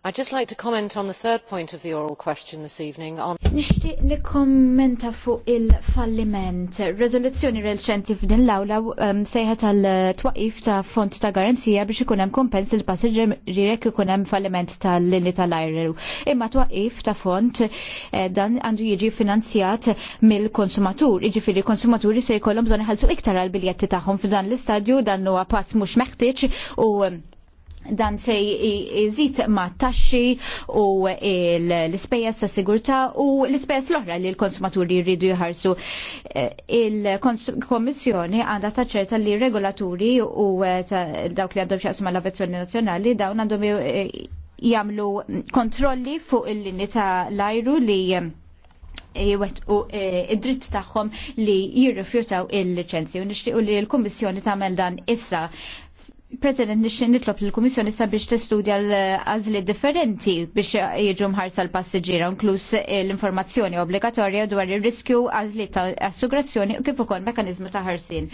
I'd just like to comment on the third point of the oral question this evening on Nixtieq nikkommenta fuq il-falliment. Rezoluzzjoni reċenti f'din l-awla ehm, sejħet għal twaqif ta' font ta' garanzija biex ikun hemm kompens il passiġġieri jekk ikun hemm falliment tal-linji tal-ajru. Imma twaqif ta' font eh, dan għandu jiġi finanzjat mill-konsumatur. Jiġifieri konsumaturi se jkollhom bżonn iħallsu iktar għall biljetti tagħhom f'dan l-istadju dan huwa pass mhux meħtieġ u ehm, dan se jżid ma' taxxi u l-ispejjeż ta' sigurtà u l-ispejjeż l-oħra li l-konsumaturi jridu jħarsu. Eh, il komissjoni għandha taċċerta li regolaturi u eh, dawk li għandhom xaqsu mal avvezzjoni Nazzjonali dawn għandhom eh, jagħmlu kontrolli fuq il-linji ta' l-ajru li u id-dritt tagħhom li jirrifjutaw il-liċenzji u nixtiequ li l-Kummissjoni tagħmel dan issa President, nixin nitlob l-Komissjoni sabiex testudja l-għazli differenti biex jieġu mħarsa l passagġira inkluż l-informazzjoni obbligatorja dwar il-riskju għazli ta' assugrazzjoni u kif ukoll mekanizmu ta' ħarsin.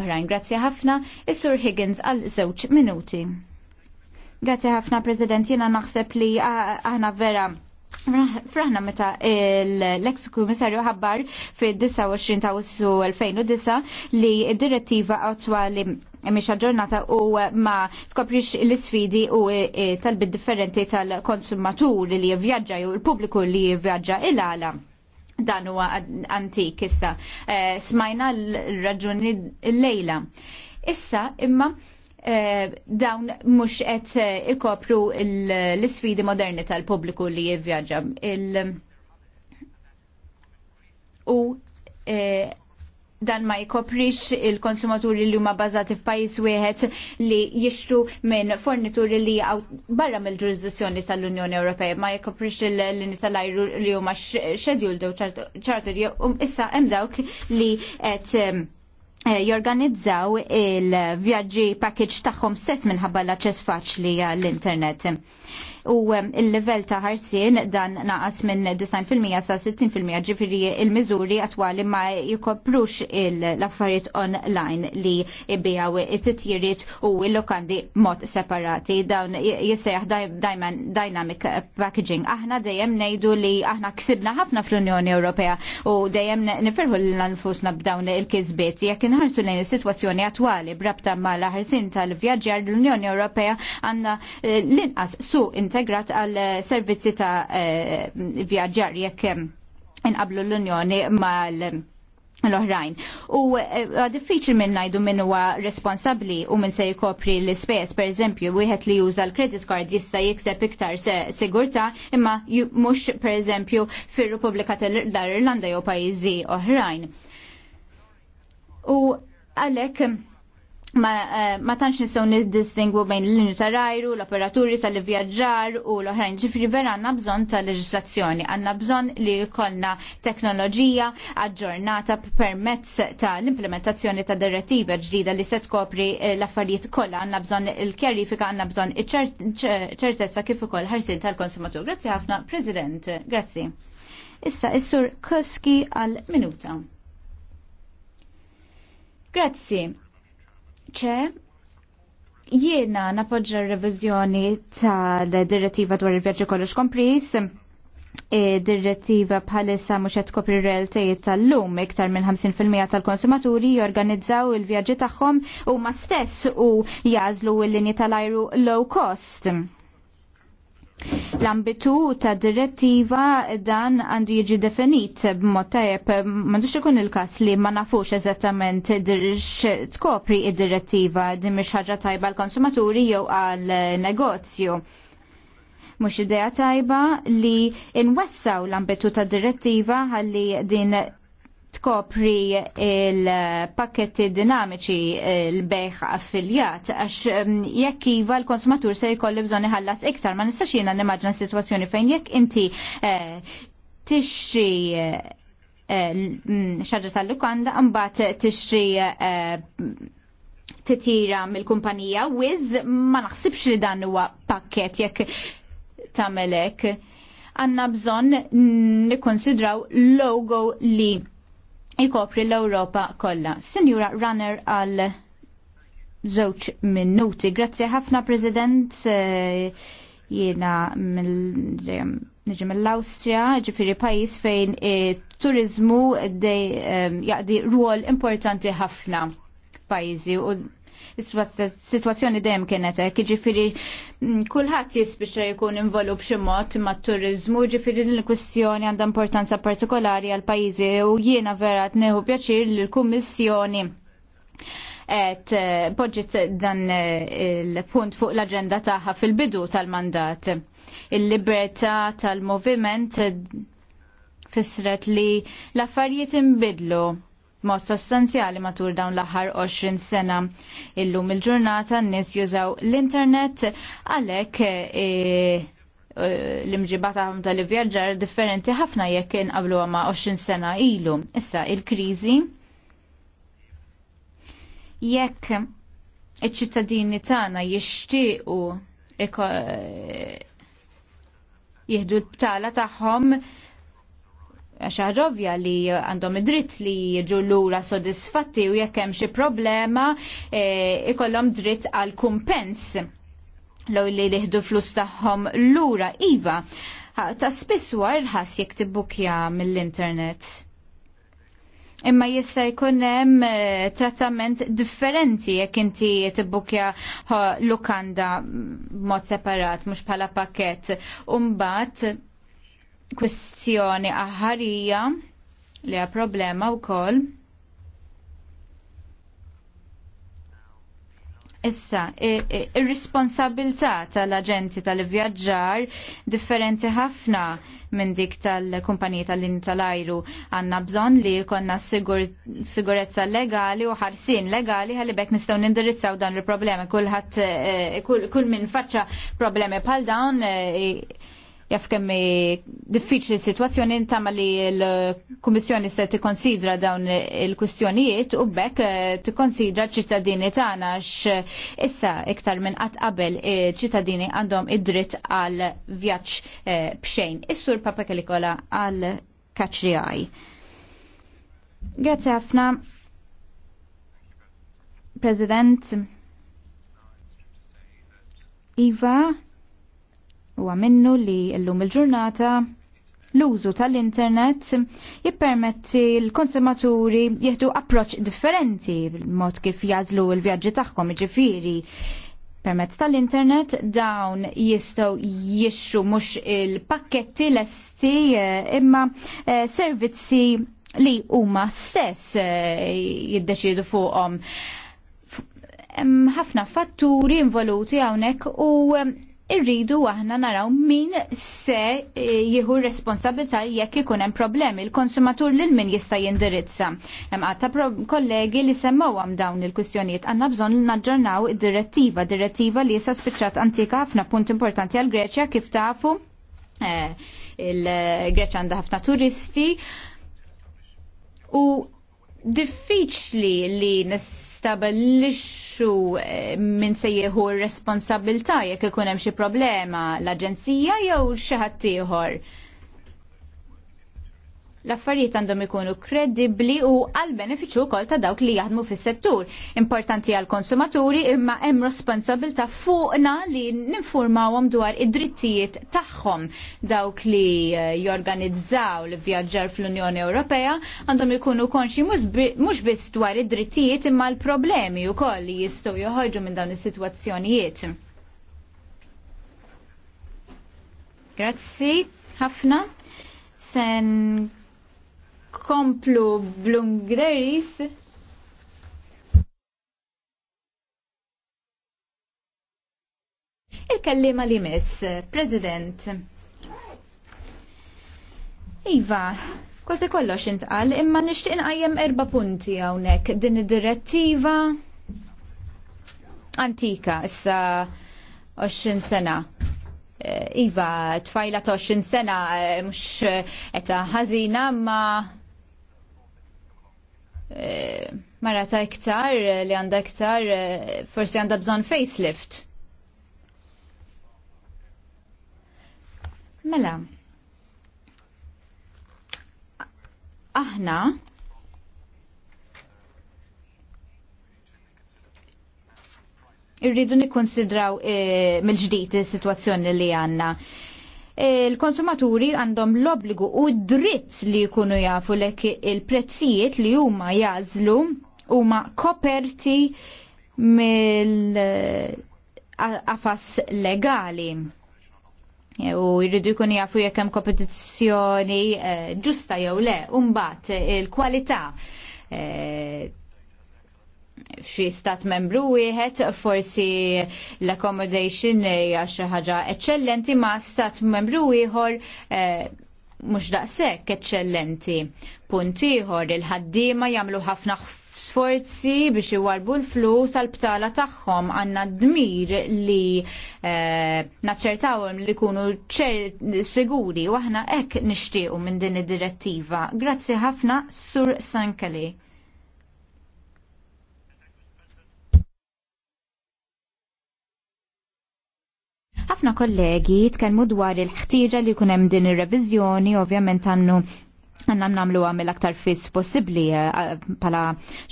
Oħrajn, grazzi ħafna, is-Sur Higgins għal żewġ minuti. Grazzi ħafna, President, jena naħseb li aħna vera Fraħna meta l-ex kummissarju ħabbar fid-29 ta' 2009 li d-direttiva attwali miex ġurnata u eh, ma tkoprix l-isfidi u eh, eh, tal differenti tal-konsumatur li jivvjaġġa u l-pubbliku li jivvjaġġa il-għala dan huwa antik issa. smajna l-raġuni l-lejla. Issa imma dawn mhux qed ikopru l isfidi moderni tal-pubbliku li jivvjaġġa. U dan ma jkoprix il-konsumaturi li huma bazati f'pajjiż wieħed li jixtru minn fornituri li barra mill-ġurisdizzjoni tal-Unjoni Ewropea ma jkoprix l-lini tal-ajru li huma scheduled u charter um, issa hemm dawk li qed um, eh, jorganizzaw il-vjaġġi package tagħhom stess minħabba l-aċċess faċli għall-internet u il-level ta' ħarsien dan naqas minn 90% sa' 60% ġifiri il-mizuri attwali ma jikoplux l-affarijiet online li bijaw it-titjiriet u l-lokandi mod separati dawn jisseħ dajman dynamic packaging. Aħna dejjem nejdu li aħna ksibna ħafna fl-Unjoni Ewropea u dejjem nifirħu l-anfusna b'dawn il-kizbiet jekk inħarsu lejn is-sitwazzjoni attwali brabta ma l-ħarsin tal-vjaġġar l-Unjoni Ewropea għandna eh, l-inqas su integrat għal eh, servizzi ta' eh, vjaġġar jekk eh, inqablu l-Unjoni mal l-oħrajn. U diffiċli minn najdu minn huwa responsabli u minn se jkopri l-ispejjeż pereżempju wieħed li juża l-credit card jista' jikseb iktar sigurtà imma mhux pereżempju fir-Repubblika tal-Irlanda jew pajjiżi oħrajn. U għalhekk ma, eh, ma tantx nisew niddistingwu bejn l-linju ta' l-operaturi tal ivvjaġġar u l-oħrajn. Ġifri vera għandna bżonn ta' leġislazzjoni, għandna bżonn li jkollna teknoloġija aġġornata permezz ta' l-implementazzjoni ta' direttiva ġdida li se tkopri eh, l-affarijiet kollha, għandna bżonn il-kjarifika, għandna bżonn iċ-ċertezza kif ukoll ħarsin tal-konsumatur. Grazzi ħafna, President. Grazzi. Issa is-sur Koski għal minuta. Grazzi ċe jiena napoġġa r-reviżjoni tal-direttiva dwar il-vjaġġi kollox kompris e direttiva bħalissa mhux qed tkopri r-realtajiet tal-lum iktar minn 50% tal-konsumaturi jorganizzaw il-vjaġġi tagħhom huma stess u jażlu l-linji tal-ajru low cost. L-ambitu ta' direttiva dan għandu jiġi definit b'mod tajjeb m'għandux ikun il-każ li ma nafux eżattament tkopri id-direttiva din mux ħaġa tajba għall-konsumaturi jew għal-negozju mux ideja tajba li inwessaw l-ambitu ta' direttiva għalli din tkopri il-pakketti dinamiċi l-beħ affiljat, għax jekk iva l-konsumatur se jkolli bżonni ħallas iktar, ma nistax jiena nimmaġna situazzjoni fejn jekk inti eh, tixtri eh, xaġa tal-lukanda, mbagħad tixtri eh, titira mill-kumpanija Wiz ma naħsibx li dan huwa pakket jekk tamelek. Għanna bżon nikkonsidraw logo li jkopri l-Ewropa kollha. Senjura Runner għal żewġ minuti. Grazzi ħafna President eh, jiena mill eh, austria ġifiri pajis fejn eh, turizmu jaqdi rwol importanti ħafna pajizi Is-sitwazzjoni dejjem kienet hekk, jiġifieri mm, kulħadd jispiċċa jkun involu b'xi mod mat-turiżmu, jiġifieri din il-kwistjoni għandha importanza partikolari għal pajjiżi u jiena vera qed pjaċir pjaċir l kummissjoni et eh, poġġet dan eh, il-punt fuq l-agenda taħħa fil-bidu tal-mandat. Il-libertà tal-moviment fisret li l-affarijiet imbidlu mod sostanzjali matul dawn l-aħħar 20 sena. Illum il-ġurnata n-nies jużaw l-internet għalhekk e, e l-imġiba tagħhom tal-ivvjaġġar differenti ħafna jekk inqablu għama 20 sena ilu. Issa il-kriżi jekk iċ-ċittadini tagħna jixtiequ jieħdu l-btala tagħhom xaħġa ovvja li għandhom id-dritt li jiġu lura sodisfatti u jekk hemm xi problema e, ikollhom dritt għal kumpens law li liħdu flus tagħhom lura iva. Ta' spiss warħas jekk tibbukja mill-internet. Imma jissa jkun hemm e, trattament differenti jekk inti tibbukja lukanda b'mod separat mhux bħala pakkett u mbagħad kwestjoni aħħarija li ha problema wkoll. Issa, ir-responsabilità tal-aġenti tal-vjaġġar differenti ħafna minn dik tal-kumpaniji tal-linju tal-ajru għanna bżon li konna sigurezza legali u ħarsin legali għalli bekk nistaw nindirizzaw dan il-problemi. Eh, eh, kull, kull minn faċċa problemi bħal dawn eh, jaf kemmi diffiċli situazzjoni intama li l-Kummissjoni se tikkonsidra dawn il-kwistjonijiet u bekk eh, tikkonsidra ċittadini tagħna x issa iktar minn qatt qabel ċittadini għandhom id-dritt għal vjaġġ eh, bxejn. Is-sur Papa Kelikola għal kaċrijaj. Grazie ħafna. President Iva, Huwa minnu li llum il-ġurnata l-użu tal-internet jippermetti l-konsumaturi jieħdu approċ differenti mod kif jażlu l-vjaġġi tagħhom ġifiri permezz tal-internet dawn jistgħu jixxu mhux il-pakketti lesti eh, imma eh, servizzi li huma stess eh, jiddeċidu fuqhom. Hemm ħafna fatturi involuti hawnhekk u irridu aħna naraw min se eh, jieħu responsabilità jekk ikun hemm problemi. Il-konsumatur lil min jista' jindirizza. Hemm għadta kollegi li semmawhom dawn il-kwistjonijiet għandna bżonn naġġornaw id-direttiva, direttiva li issa spiċċat antika ħafna punt importanti għal Greċja kif tafu eh, il-Greċja għandha ħafna turisti u diffiċli li nis nistabilixxu eh, minn se jieħu r responsabilta jekk ikun hemm xi problema l-aġenzija jew xi ħadd ieħor l-affarijiet għandhom ikunu kredibbli u għal benefiċċju wkoll ta' dawk li jaħdmu fis-settur. Importanti għal konsumaturi imma hemm responsabilta fuqna li ninfurmawhom dwar id-drittijiet tagħhom dawk li eh, jorganizzaw l vjaġġar fl-Unjoni Ewropea għandhom ikunu konxi mhux biss dwar id-drittijiet imma l-problemi wkoll li jistgħu joħorġu minn dawn is-sitwazzjonijiet. Grazzi ħafna. Sen komplu blungeris il kallima li miss, President. Iva, kważi kollox intqal, imma nixtieq inqajjem erba' punti hawnhekk din id-direttiva antika issa 20 sena. Eh, iva, tfajla 20 sena eh, mhux eta eh, ħażina ma' ta' iktar li għandha iktar forsi għandha bżonn facelift. Mela. Aħna irridu nikkonsidraw eh, mill-ġdid is-sitwazzjoni li għandna il-konsumaturi għandhom l-obbligu u dritt li jkunu jafu lek il-prezzijiet li huma jażlu huma koperti mill-qafas legali u jridu jkunu jafu jekk hemm kompetizzjoni eh, ġusta jew le, u mbagħad il-kwalità eh, f'xi stat membru wieħed forsi l-accommodation hija xi ħaġa eċċellenti ma' stat membru ieħor eh, mhux daqshekk eċċellenti. Punt ieħor il-ħaddiema jagħmlu ħafna sforzi biex iwarbu l-flus għal btala tagħhom għandna dmir li eh, naċċertawhom li jkunu siguri u aħna hekk nixtiequ minn din id-direttiva. Grazzi ħafna Sur Sankali. Ħafna kollegi tkellmu dwar il-ħtieġa li jkun hemm din ir-reviżjoni, ovvjament għandu għanna namlu għamil aktar fis possibli eh, eh, pala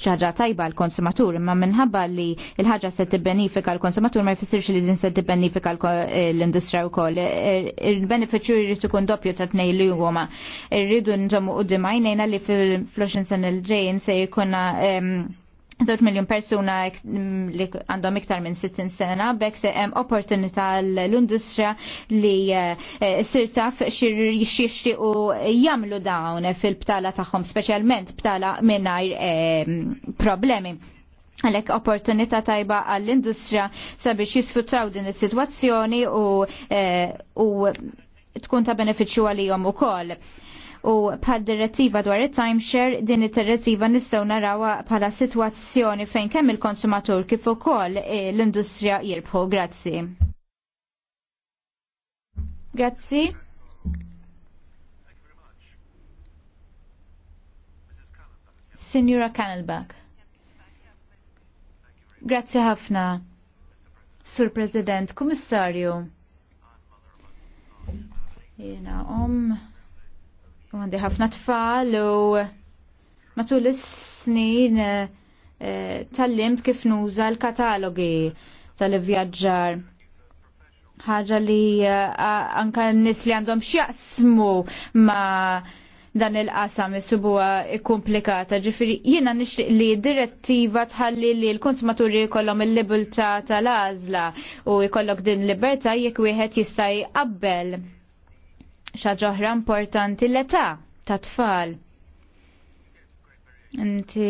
xaġa tajba l-konsumatur, imma minħabba li il-ħagġa se tibbenifika l-konsumatur ma jfissirx li din se tibbenifika l-industrija u koll. Er-, Il-beneficju jirrit kun doppju ta' tnej li għoma. Irridu nġomu u dimajnejna li fil-floxin sen il-ġejn se jkunna Zoċ miljon persuna li għandhom iktar minn 60 sena, bekk se hemm opportunità l-industrija li eh, sir taf xirri u jamlu dawn fil-btala tagħhom, speċjalment btala mingħajr eh, problemi għalek opportunità tajba għall-industrija sabiex jisfruttaw din is-sitwazzjoni u, eh, u tkun ta' beneficju għalihom ukoll. koll u pad direttiva dwar it-timeshare din it-direttiva nistgħu narawha bħala sitwazzjoni fejn kemm il-konsumatur kif ukoll eh, l-industrija jirbħu. Grazzi. Grazzi. Signora Kanelbach. Grazzi ħafna. Sur President, Kummissarju. Jena, om. Um għandi ħafna tfal u matul is-snin eh, eh, tal-limt kif nuża l-katalogi tal-vjaġġar ħaġa li eh, anka n-nis li għandhom xjaqsmu ma dan il-qasam jisubuwa komplikata. Ġifiri, jiena nixtieq li direttiva tħalli li l-konsumaturi jkollhom il-libertà tal-għażla u jkollok din libertà jekk wieħed jista' jqabbel ħaġa oħra importanti l-età tat-tfal. Inti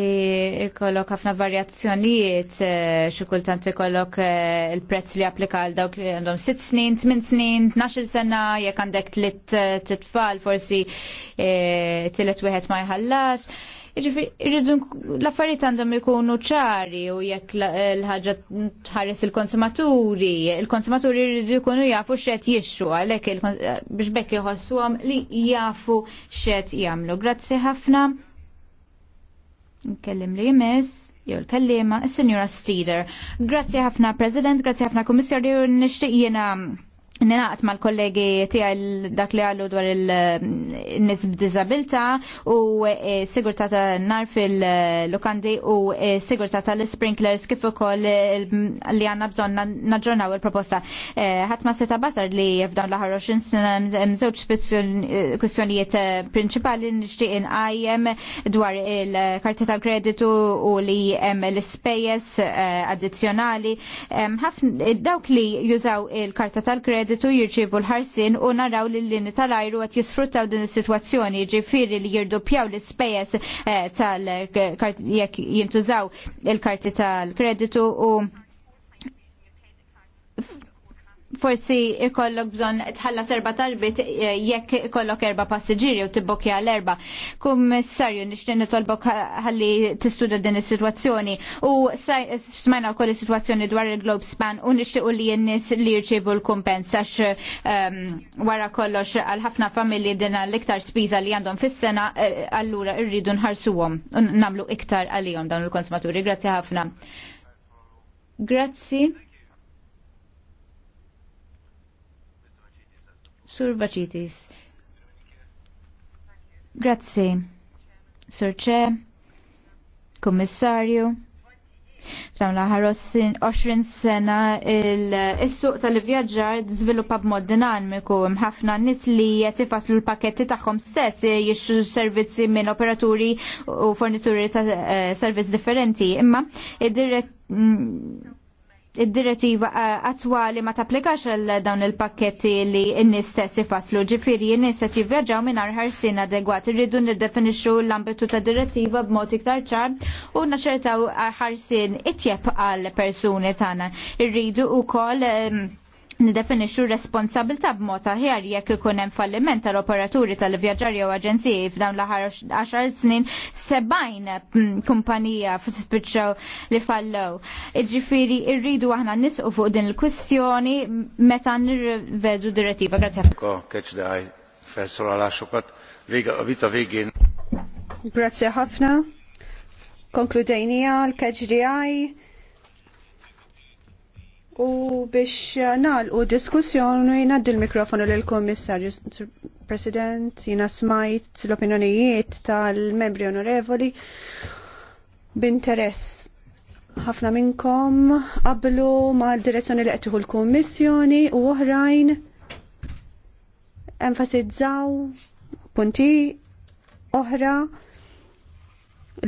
ikollok ħafna varjazzjonijiet, eh, xi kultant ikollok eh, il-prezz li applika għal dawk li għandhom 6 snin, 8 snin, 12 sena, jekk għandek tlitt eh, titfal forsi tilet wieħed ma jħallax. Jiġifieri, irridu l-affarijiet għandhom ikunu ċari u jekk l-ħaġa tħares il-konsumaturi, il-konsumaturi jridu jkunu jafu xed jixxu għalhekk biex bekk iħossuhom li jafu xed jagħmlu. Grazzi ħafna. Nkellim li jmiss, jew l-kellima, il-Senjura Steeder. Grazzi ħafna President, grazzi ħafna Komissarju, nixtieq jiena Ninaqat mal kollegi tijaj dak li għallu dwar il nisb b'dizabilta u e, sigurta ta' nar fil-lukandi u e, sigurta ta' l-sprinklers kif ukoll li għanna bżon naġġornaw il-proposta. E, ma seta bazar li f'dan l-ħar 20 sena mżewġ kwistjonijiet prinċipali nixtieq inqajjem dwar il-karti tal-kreditu u li l-spejjeż addizzjonali. Dawk li jużaw il-karta tal-kreditu kreditu jirċievu l-ħarsin u naraw li l-lini tal-ajru għat jisfruttaw din il-situazzjoni ġifiri li jirdupjaw l spejes eh, tal eh, kart jek jintużaw il-karti tal-kreditu u forsi ikollok bżon tħallas erba tarbit eh, jekk ikollok erba passiġiri u tibbokja l-erba. Kummissarju, nishtin nitolbok ħalli tistuda din is-sitwazzjoni u smajna wkoll is situazzjoni dwar il-Globe Span u nixtiequ li jennis nies li jirċievu l-kumpens għax ehm, wara kollox għal ħafna familji din l-iktar spiża li għandhom fis-sena eh, allura rridu nħarsuhom u nagħmlu iktar għalihom dawn il-konsumaturi. Grazzi ħafna. Grazzi. Sur Bacitis. Grazzi. Sur Ċe, Kommissarju. F'dawn l-aħħar 20 sena il-suq tal-vjaġġar żviluppa b'mod dinamiku ħafna nies li qed l paketti tagħhom stess jiexu servizzi minn operaturi u fornituri ta' eh, servizz differenti. Imma id-dirett id-direttiva eh, attwali ma tapplikax għal dawn il-pakketti li n nistess ifaslu ġifiri n nistess qed minn mingħajr ħarsien adegwat. Irridu niddefinixxu l-ambitu ta' direttiva b'mod iktar ċar u naċertaw ħarsien itjeb għal persuni tagħna. Irridu wkoll ehm, Nidefinixxu responsabilta b'mod aħjar jekk ikun hemm falliment tal-operaturi tal-vjaġġar jew aġenziji f'dawn l-aħħar 10 snin sebgħin mm, kumpanija spiċċaw li fallew. Iġifieri rridu aħna nisqu fuq din il-kwistjoni meta nirvedu direttiva. Grazie. Grazie ħafna. Konkludejnija l-KGDI U biex nalqu diskussjoni jnaddi l-mikrofonu l-Komissarju President, jina smajt l-opinjonijiet tal-membri onorevoli b'interess. Ħafna minnkom qablu mal direzzjoni li qed l-Kummissjoni u oħrajn enfasizzaw punti oħra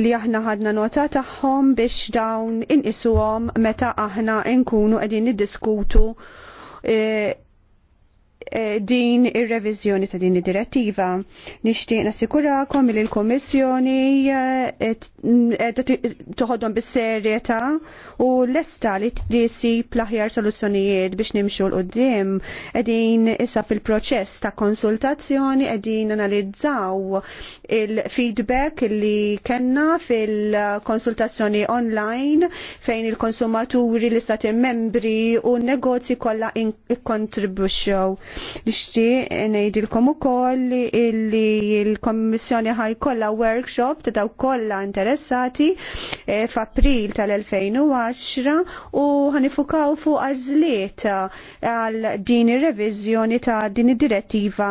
li aħna ħadna nota tagħhom biex dawn inqisuhom meta aħna nkunu qegħdin niddiskutu e, Eh, din ir-reviżjoni ta' din id-direttiva. Nixtieq nassikurakom li l-Kummissjoni eh, mm, toħodhom bis-serjetà u lesta li tsib l-aħjar soluzzjonijiet biex nimxu l qudiem qegħdin issa fil-proċess ta' konsultazzjoni qegħdin analizzaw il-feedback li kellna fil-konsultazzjoni online fejn il-konsumaturi l-istati membri u n-negozji kollha ikkontribwixxew Nixtieq ngħidilkom ukoll illi il kommissjoni kolla workshop ta' daw kollha interessati eh, f'April tal-2010 u ħanifukaw fuq għażliet għal din ir-reviżjoni ta' din id-direttiva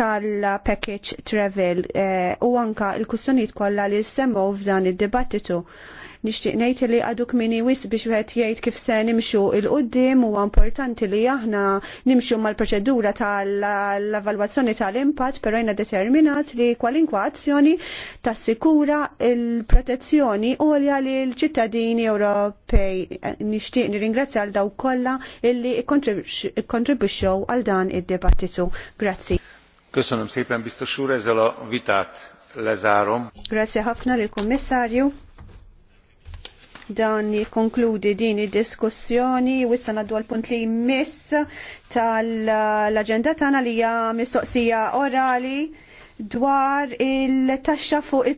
tal-package travel eh, u anka l-kussjonijiet kollha li semmu f'dan id-dibattitu. Nixtieq ngħid li għadu mini wis biex wieħed jgħid kif se nimxu il-qudiem huwa importanti li aħna nimxu mal-proċedura tal-evalwazzjoni tal-impatt, pero jina determinat li kwalinkwa azzjoni tassikura il-protezzjoni għolja li l-ċittadini Ewropej. Nixtieq nirringrazzja għal daw kollha illi kontribwixxew għal dan id debattitu Grazzi. Köszönöm szépen, biztos úr, ezzel a vitát lezárom. Grazie ħafna lill kummissarju dan jikonkludi din id-diskussjoni u issa naddu għal-punt li miss tal-agenda tagħna li hija mistoqsija orali dwar il-taxxa fuq